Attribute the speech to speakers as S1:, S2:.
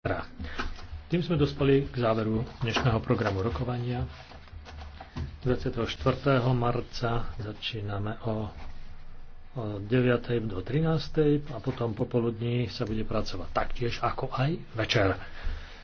S1: zajtra. Tým sme dospeli k záveru dnešného programu rokovania. 24. marca začíname o, o 9. do 13. a potom popoludní sa bude pracovať taktiež ako aj
S2: večer.